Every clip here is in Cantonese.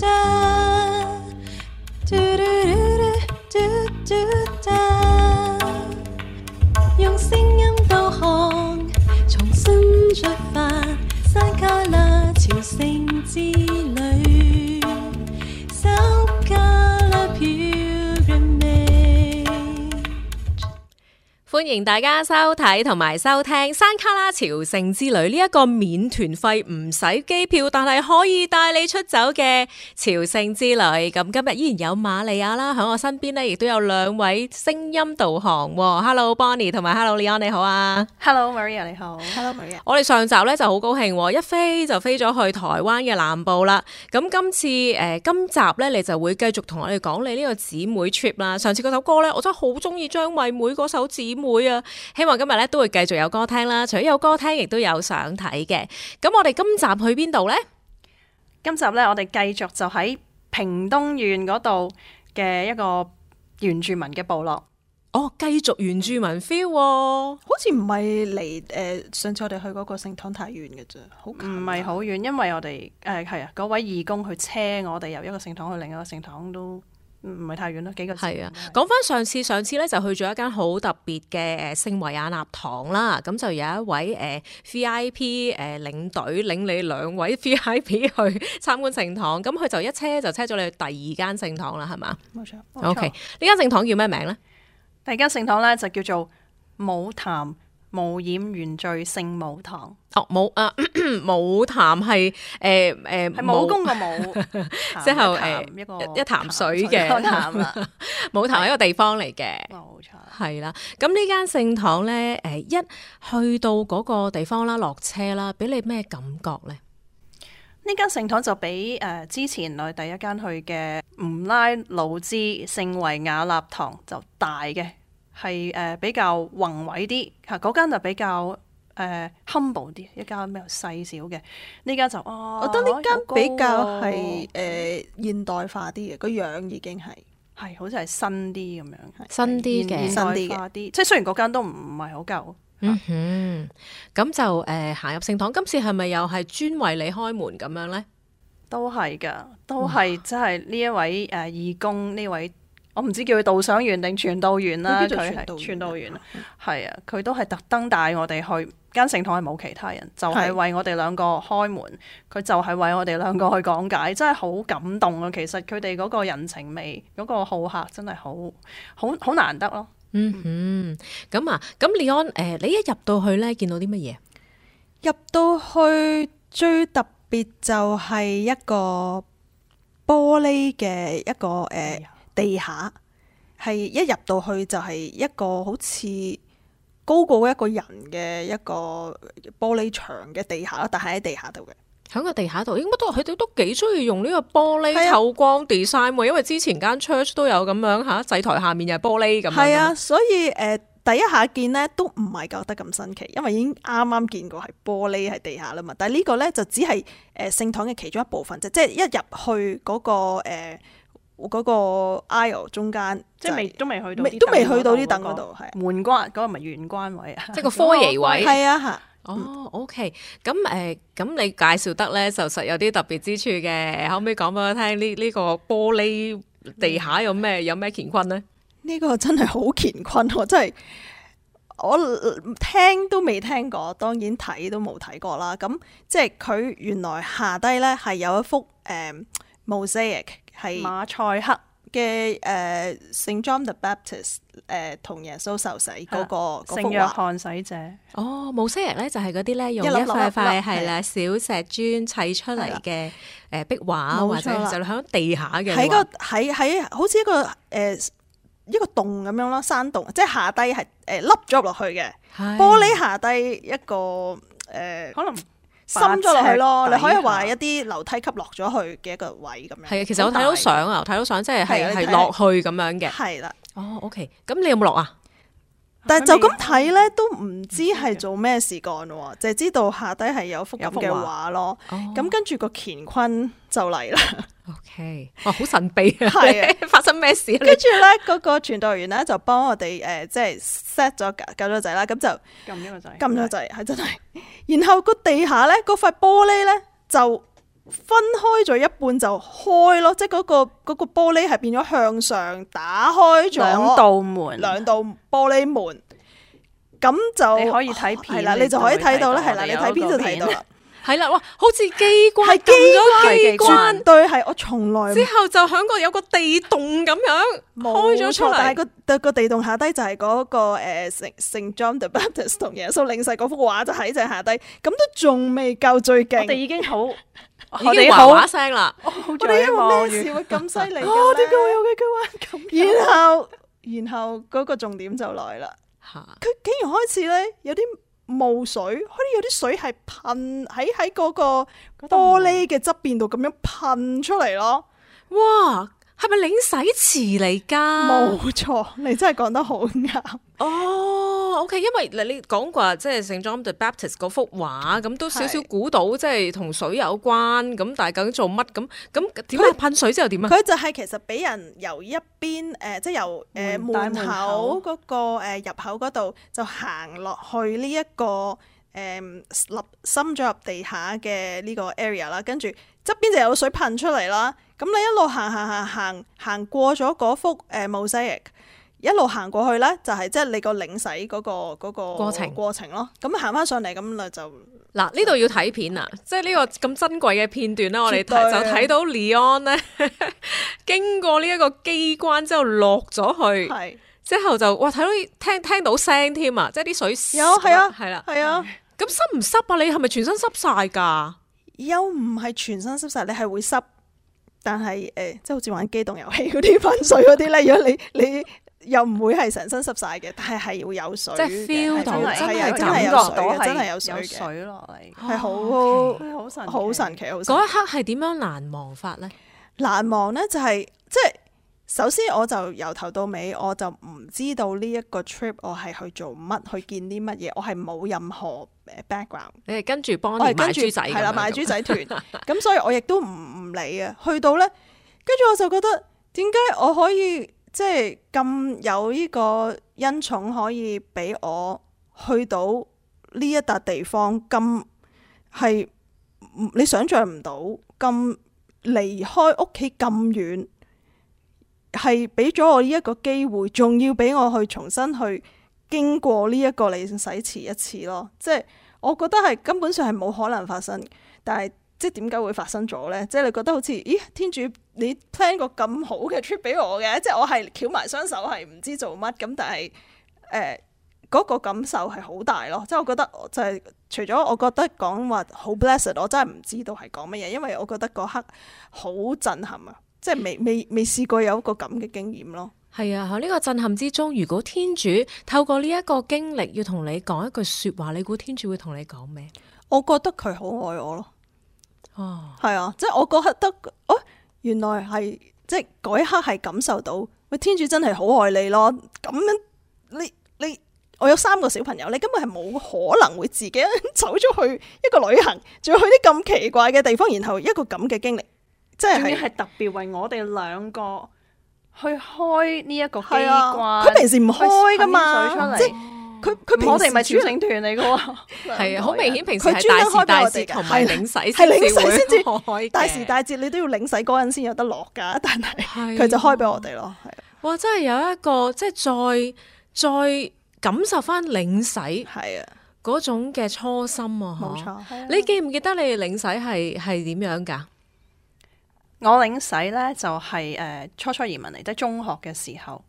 用聲音導航，重新出發，世界，拉朝聖之歡迎大家收睇同埋收聽山卡拉朝聖之旅，呢一個免團費唔使機票但係可以帶你出走嘅朝聖之旅。咁今日依然有瑪利亞啦響我身邊咧，亦都有兩位聲音導航。Hello，Bonnie 同埋 Hello，Leeon，你好啊，Hello，Maria 你好，Hello，Maria。Hello Maria 我哋上集咧就好高興，一飛就飛咗去台灣嘅南部啦。咁今次誒，今集咧你就會繼續同我哋講你呢個姊妹 trip 啦。上次嗰首歌咧，我真係好中意張惠妹嗰首姊妹。會啊！希望今日咧都會繼續有歌聽啦，除咗有歌聽，亦都有想睇嘅。咁我哋今集去邊度呢？今集咧，我哋繼續就喺屏東縣嗰度嘅一個原住民嘅部落。哦，繼續原住民 feel 喎，好似唔係嚟誒。上次我哋去嗰個聖堂太遠嘅啫，好唔係好遠，因為我哋誒係啊，嗰位義工去車我哋由一個聖堂去另一個聖堂都。唔，唔係太遠咯，幾個字。係啊，講翻上次，上次咧就去咗一間好特別嘅誒聖維亞納堂啦。咁就有一位誒 V I P 誒領隊領你兩位 V I P 去參觀聖堂。咁佢就一車就車咗你去第二間聖堂啦，係嘛？冇錯，冇錯，O K，呢間聖堂叫咩名咧？第二間聖堂咧就叫做武潭。無染原罪聖母堂哦，武啊武潭係誒誒係武功個武，之後誒一一潭水嘅潭，武潭係一個地方嚟嘅，冇錯係啦。咁呢間聖堂咧，誒一去到嗰個地方啦，落車啦，俾你咩感覺咧？呢間聖堂就比誒、呃、之前我第一間去嘅吳拉魯茲聖維亞納堂就大嘅。係誒比較宏偉啲嚇，嗰間就比較誒、呃、humble 啲，一間比較細小嘅。呢間就，我覺得呢間比較係誒現代化啲嘅，個樣已經係係好似係新啲咁樣，係新啲嘅，現代化啲。即係的雖然嗰間都唔係好舊。咁、嗯、就誒行、呃、入聖堂，今次係咪又係專為你開門咁樣咧？都係㗎，都係即係呢一位誒義工呢位。哇啊我唔知叫佢導賞員定傳導員啦，啊。佢係傳導員係啊，佢都係特登帶我哋去間聖堂，係冇其他人，就係，是，為我哋兩個開門。佢是的 就係為我哋兩個去講解，真係好感動啊！其實佢哋嗰個人情味，嗰、那個好客真係好好好難得咯。嗯哼，咁啊，咁 Leeon，誒，你一入到去咧，見到啲乜嘢？入到去最特別就係一個玻璃嘅一個誒。呃地下係一入到去就係一個好似高過一個人嘅一個玻璃牆嘅地下，但係喺地下度嘅。喺個地下度，應該都佢哋都幾中意用呢個玻璃透光 design。啊、因為之前間 church 都有咁樣吓，祭台下面又係玻璃咁。係啊，所以誒、呃，第一下見呢都唔係覺得咁新奇，因為已經啱啱見過係玻璃喺地下啦嘛。但係呢個呢就只係誒聖堂嘅其中一部分啫，即係一入去嗰、嗰個誒。呃嗰個 aisle 中間，即係未都未去到，都未去到啲凳嗰度，係對 門關嗰、嗰個唔係玄關位啊！即係個科儀位，係啊嚇。哦，OK，咁誒，咁、呃、你介紹得咧，就實有啲特別之處嘅。後尾講俾我聽，呢呢個玻璃地下有咩、嗯、有咩乾坤咧？呢個真係好乾坤，我真係我聽都未聽過，當然睇都冇睇過啦。咁即係佢原來下低咧係有一幅誒 mosaic。嗯嗯嗯嗯嗯係馬賽克嘅誒，聖、uh, John the Baptist 誒，同耶穌受洗嗰、嗰個聖約翰洗者。的哦，無色人咧就係嗰啲咧用一塊塊係啦小石磚砌出嚟嘅誒壁畫，的或者就響地下嘅喺個喺喺好似一個誒、uh, 一個洞咁樣咯，山洞即係下低係誒凹咗落去嘅的玻璃下低一個誒、uh, 可能。深咗落去咯，你可以話一啲樓梯級落咗去嘅一個位咁樣。係啊，其實我睇到相啊，睇到相即係係係落去咁樣嘅。係啦的，哦，OK，咁你有冇落啊？但係就咁睇咧，都唔知係做咩事幹喎，就係知，知道下底係有幅嘅畫咯。咁跟住個乾坤就嚟啦。哦 O、okay. K，哇，好神秘 啊！係啊，發生咩事？跟住咧，嗰個傳道員咧就幫我哋誒，即係 set 咗架咗掣啦，咁就撳咗個掣，撳咗個掣，係真係。然後個地下咧，嗰塊玻璃咧就分開咗一,一半，就開咯，即係嗰個個玻璃係變咗向上打開咗兩道門，兩道玻璃門。咁就可以睇片、哦、啦，你就可以睇到啦，係啦，你睇邊就睇到啦？係啦，哇！好似機關係機機關，絕對係我從來之後就響個有個地洞咁樣開咗出嚟。冇錯，但係個個地洞下低就係嗰個誒，聖聖 John the Baptist 同耶穌領洗嗰幅畫就喺正下低。咁都仲未夠最勁，我哋已經好，已經嘩嘩聲啦，我哋因為咩事會咁犀利。哦，點解會有佢佢玩咁？然後然後嗰個重點就來啦，吓佢竟然開始咧有啲。霧水，可以有啲水係噴喺喺嗰個玻璃嘅側邊度咁樣噴出嚟咯。哇，係咪領洗池嚟㗎？冇錯，你真係講得好啱哦。o、oh, k、okay. 因為嗱你講過話即係 Saint John the Baptist 嗰幅畫，咁都少少估到即係同水有關，咁但係究竟做乜咁？咁點啊？它噴水之後點啊？佢就係其實俾人由一邊誒、呃，即係由誒門,、呃、門口嗰、那個、呃、入口嗰度就行落去呢、這、一個誒立、呃、深咗入地下嘅呢個 area 啦，跟住側邊就有水噴出嚟啦。咁你一路行行行行行過咗嗰幅誒 mosaic。呃一路行過去呢，就係即係你個領洗嗰個嗰個過程過程咯。咁行翻上嚟，咁就嗱，呢度要睇片啊！即係呢個咁珍貴嘅片段呢，我哋就睇到李安呢經過呢一個機關之後落咗去，之後就哇睇到聽聽到聲添啊！即係啲水有係啊係啦係啊，咁濕唔濕啊？你係咪全身濕晒噶？又唔係全身濕晒，你係會濕，但係誒，即係好似玩機動遊戲嗰啲噴水嗰啲呢，如果你你。又唔會係成身濕晒嘅，但係係會有水，即係 feel 到係真係有水嘅，真係有水有水落嚟，係好好神奇。嗰一刻係點樣難忘法呢？難忘呢就係、是、即係首先我就由頭到尾我就唔知道呢一個 trip 我係去做乜去見啲乜嘢，我係冇任何 background。你係跟住幫我買豬仔嘅，係啦，買豬仔團。咁 所以我亦都唔理啊。去到呢，跟住我就覺得點解我可以？即係咁有呢個恩寵可以俾我去到呢一笪地方，咁係你想像唔到咁離開屋企咁遠，係俾咗我呢一個機會，仲要俾我去重新去經過呢、這、一個你洗滌一次咯。即係我覺得係根本上係冇可能發生，但係。即係點解會發生咗呢？即係你覺得好似咦，天主你 plan 個咁好嘅 trip 俾我嘅，即係我係翹埋雙手係唔知做乜咁，但係誒嗰個感受係好大咯。即係我覺得就係除咗我覺得講話好 blessed，我真係唔知道係講乜嘢，因為我覺得嗰刻好震撼啊！即係未未未試過有一個咁嘅經驗咯。係啊，呢個震撼之中，如果天主透過呢一個經歷要同你講一句說話，你估天主會同你講咩？我覺得佢好愛我咯。哦，係啊，即係我覺得哦，原來係即係嗰一刻係感受到，喂，天主真係好愛你咯！咁樣你你，我有三個小朋友，你根本係冇可能會自己走咗去一個旅行，仲要去啲咁奇怪嘅地方，然後一個咁嘅經歷，即係係特別為我哋兩個去開呢一個機關。佢平時唔開嘅嘛，噗 即佢佢我哋唔係全程團嚟噶喎，係 啊，好明顯平時係大時大節，係領洗，係、啊、領洗先至， 大時大節你都要領洗嗰人先有得落噶，但係佢就開俾我哋咯，係、啊。哇，真係有一個即係再再感受翻領洗係啊，嗰種嘅初心啊，冇錯。你記唔記得你哋領洗係係點樣噶？我領洗咧就係、是、誒、呃、初初移民嚟，即係中學嘅時候。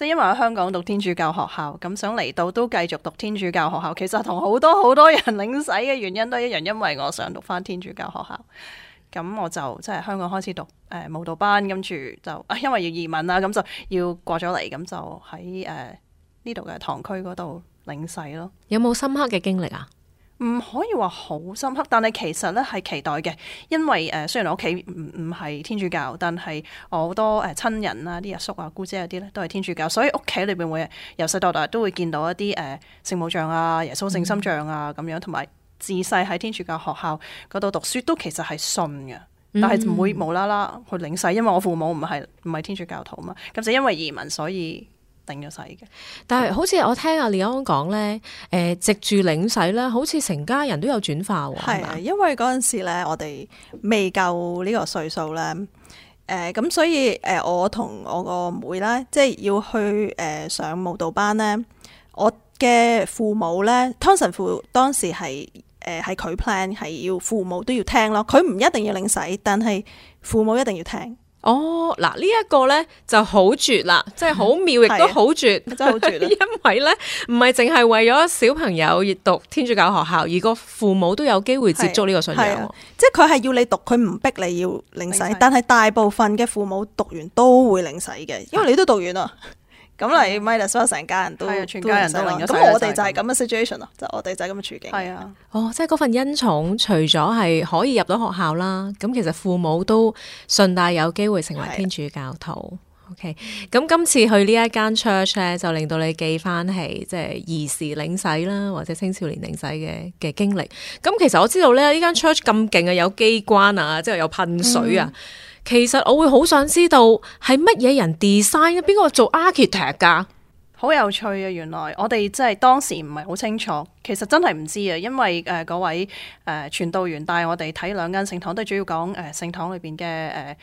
即係因為喺香港讀天主教學校，咁想嚟到都繼續讀天主教學校，其實同好多好多人領洗嘅原因都一樣，因為我想讀翻天主教學校。咁我就即係香港開始讀誒、呃、舞蹈班，跟住就啊因為要移民啦，咁就要過咗嚟，咁就喺誒呢度嘅堂區嗰度領洗咯。有冇深刻嘅經歷啊？唔可以話好深刻，但係其實咧係期待嘅，因為誒雖然我屋企唔唔係天主教，但係我好多誒親人啊、啲阿叔啊、姑姐啊啲咧都係天主教，所以屋企裏邊會由細到大都會見到一啲誒聖母像啊、耶穌聖心像啊咁樣，同埋自細喺天主教學校嗰度讀書都其實係信嘅，但係唔會無啦啦去領洗，因為我父母唔係唔係天主教徒啊嘛，咁就因為移民所以。領咗洗嘅，但係好似我聽阿李安講咧，誒、呃，藉住領洗啦，好似成家人都有轉化喎，係嘛的？吧因為嗰陣時咧、呃，我哋未夠呢個歲數咧，誒，咁所以誒，我同我個妹咧，即係要去誒上慕道班咧，我嘅父母咧，湯神父當時係誒係佢 plan 係要父母都要聽咯，佢唔一定要領洗，但係父母一定要聽。哦，嗱呢一個咧就好絕啦，即係好妙亦都好絕，真係好絕啦，是因為咧唔係淨係為咗小朋友而讀天主教學校，而個父母都有機會接觸呢個信仰。即係佢係要你讀，佢唔逼你要領洗，的但係大部分嘅父母讀完都會領洗嘅，的因為你都讀完啦。咁嚟，所有成家人都，全家人都咁，我哋就係咁嘅 situation 咯，就我哋就係咁嘅處境。係啊，哦，即係嗰份恩寵，除咗係可以入到學校啦，咁其實父母都順帶有機會成為天主教徒。的 OK，咁今次去呢一間 church 咧，就令到你記翻起即係兒時領洗啦，或者青少年領洗嘅嘅經歷。咁其實我知道咧，呢間 church 咁勁啊，有機關啊，即係有噴水啊。嗯其實我會好想知道係乜嘢人 design 嘅，邊個做 architect 噶？好有趣啊！原來我哋真係當時唔係好清楚，其實真係唔知啊！因為嗰位誒傳道員帶我哋睇兩間聖堂，都係主要講誒聖堂裏邊嘅誒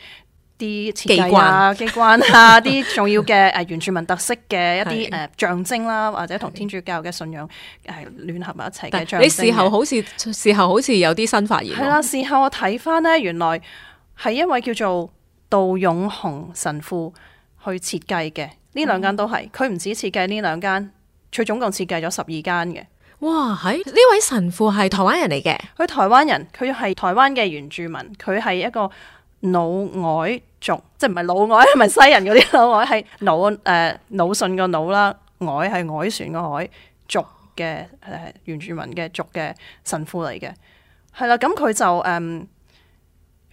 啲機關、機、呃啊、關啊，啲 重要嘅誒，原住民特色嘅一啲誒象徵啦， 是或者同天主教嘅信仰誒聯的合埋一齊嘅，你事後好似事後好似有啲新發現，係啦，事後我睇翻呢，原來。係一位叫做杜永雄神父去設計嘅，呢兩間都係，佢唔止設計呢兩間，佢總共設計咗十二間嘅。哇！喺呢位神父係台灣人嚟嘅，佢台灣人，佢係台灣嘅原住民，佢係一個魯外族，即係唔係魯外，係咪西人嗰啲魯外？係魯誒魯迅個魯啦，外係外船個外族嘅、呃、原住民嘅族嘅神父嚟嘅，係啦。咁佢就誒。嗯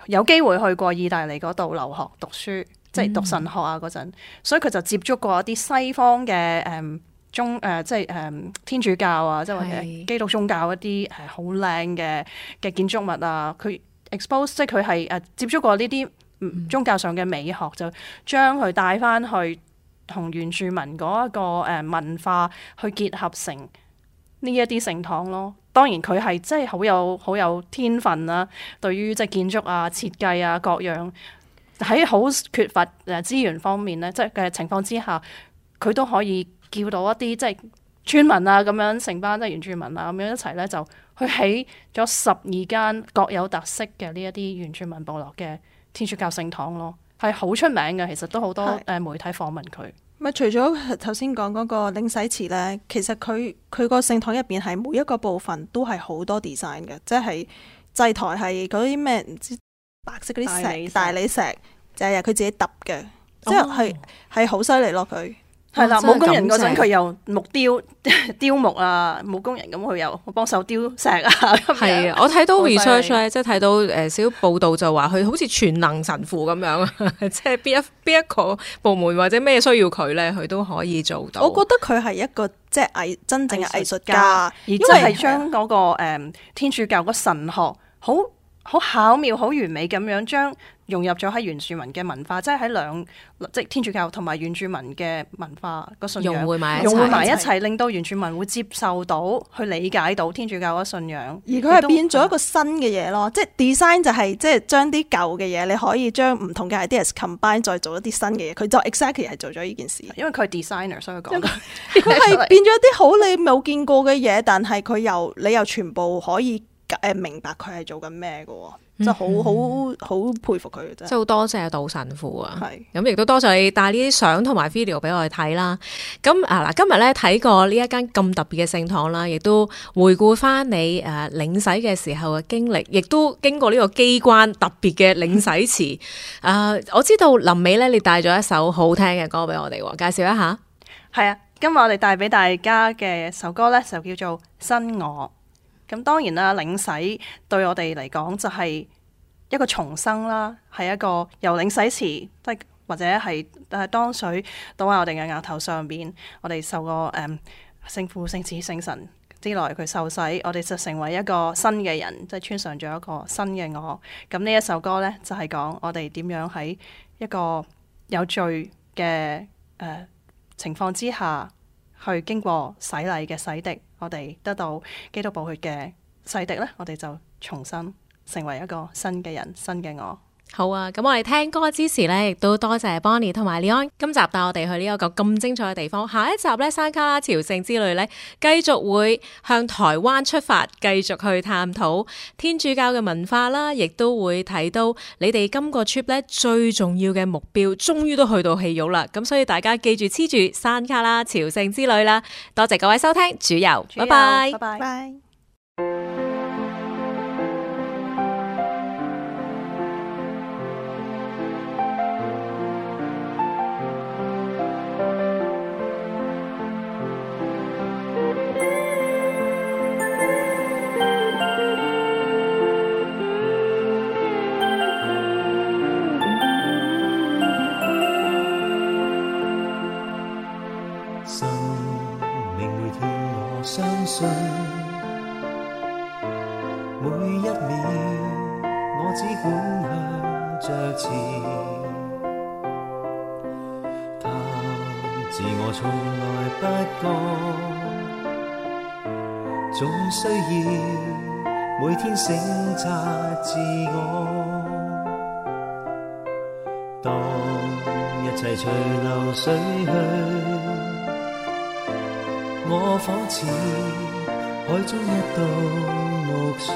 有機會去過意大利嗰度留學讀書，即係讀神學啊嗰陣，嗯、所以佢就接觸過一啲西方嘅誒、嗯、中誒、呃，即係誒、嗯、天主教啊，是即係或者基督宗教一啲係好靚嘅嘅建築物啊。佢 expose 即係佢係誒接觸過呢啲、嗯、宗教上嘅美學，就將佢帶翻去同原住民嗰一個誒文化去結合成呢一啲聖堂咯。當然佢係真係好有好有天分啦、啊，對於即係建築啊、設計啊各樣，喺好缺乏誒資源方面咧，即係嘅情況之下，佢都可以叫到一啲即係村民啊咁樣，成班即係原住民啊咁樣一齊咧，就去起咗十二間各有特色嘅呢一啲原住民部落嘅天主教聖堂咯，係好出名嘅，其實都好多誒媒體訪問佢。咪除咗頭先講嗰個領洗池咧，其實佢佢個聖堂入邊係每一個部分都係好多 design 嘅，即係祭台係嗰啲咩唔知白色嗰啲石大理石，大理石，就係、由、佢自己揼嘅，哦、即係係好犀利咯佢。係啦，冇、哦、工人嗰陣佢又木雕雕木啊，冇工人咁佢又幫手雕石啊。係啊，我睇到 research 咧，即係睇到誒少報道就話佢好似全能神父咁樣，即係邊一邊一個部門或者咩需要佢咧，佢都可以做到。我覺得佢係一個即係藝真正的藝術家，家，而真係將嗰個誒的天主教嗰神學好。好巧妙、好完美咁樣將融入咗喺原住民嘅文化，即係喺兩即係天主教同埋原住民嘅文化個信仰融匯埋一齊，令到原住民會接受到、去理解到天主教嘅信仰。而佢係變咗一個新嘅嘢咯，即係 design 就係即係將啲舊嘅嘢，你可以將唔同嘅 ideas combine，再做一啲新嘅嘢。佢就 exactly 係做咗呢件事，因為佢係 designer，所以講佢係 變咗啲好你冇見過嘅嘢，但係佢又你又全部可以。明白佢係做緊咩嘅，嗯嗯，即係好好好佩服佢，即係好多謝杜神父啊。係咁亦都多謝你帶呢啲相同埋 video 俾我哋睇啦。咁啊嗱，今日咧睇過呢一間咁特別嘅聖堂啦，亦都回顧翻你誒領洗嘅時候嘅經歷，亦都經過呢個機關特別嘅領洗池。 啊，我知道臨尾咧，你帶咗一首好聽嘅歌俾我哋，介紹一下。係啊，今日我哋帶俾大家嘅首歌咧，就叫做新我。咁當然啦，領洗對我哋嚟講就係一個重生啦，係一個由領洗池即係或者係誒當水倒喺我哋嘅額頭上邊，我哋受過誒、嗯、聖父、聖子、聖神之內佢受洗，我哋就成為一個新嘅人，即係穿上咗一個新嘅我。咁，嗯，呢一首歌呢，就係講我哋點樣喺一個有罪嘅、呃、情況之下去經過洗禮嘅洗滌。我哋得到基督寶血嘅洗滌咧，我哋就重新成為一個新嘅人、新嘅我。好啊！咁我哋聽歌之時呢，亦都多謝 Bonny 同埋 Leeon 今集帶我哋去呢一個咁精彩嘅地方。下一集呢，山卡拉、朝聖之旅呢，繼續會向台灣出發，繼續去探討天主教嘅文化啦，亦都會睇到你哋今個 trip 呢，最重要嘅目標，終於都去到氣玉啦。咁所以大家記住黐住山卡拉、朝聖之旅啦。多謝各位收聽主游，拜拜拜拜。我只管向着前。他自我從來不覺，總需要每天醒察自我。當一切隨流水去，我仿似海中一道木船。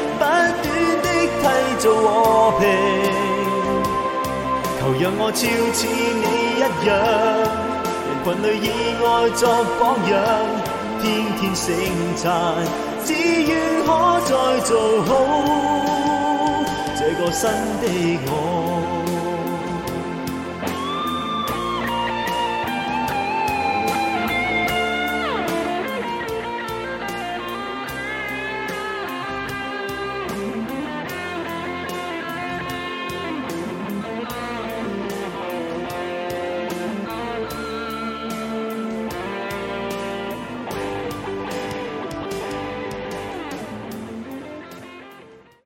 做和平，求讓我超似你一樣，人群裏以愛作榜樣，天天成讚，只願可再做好這個新的我。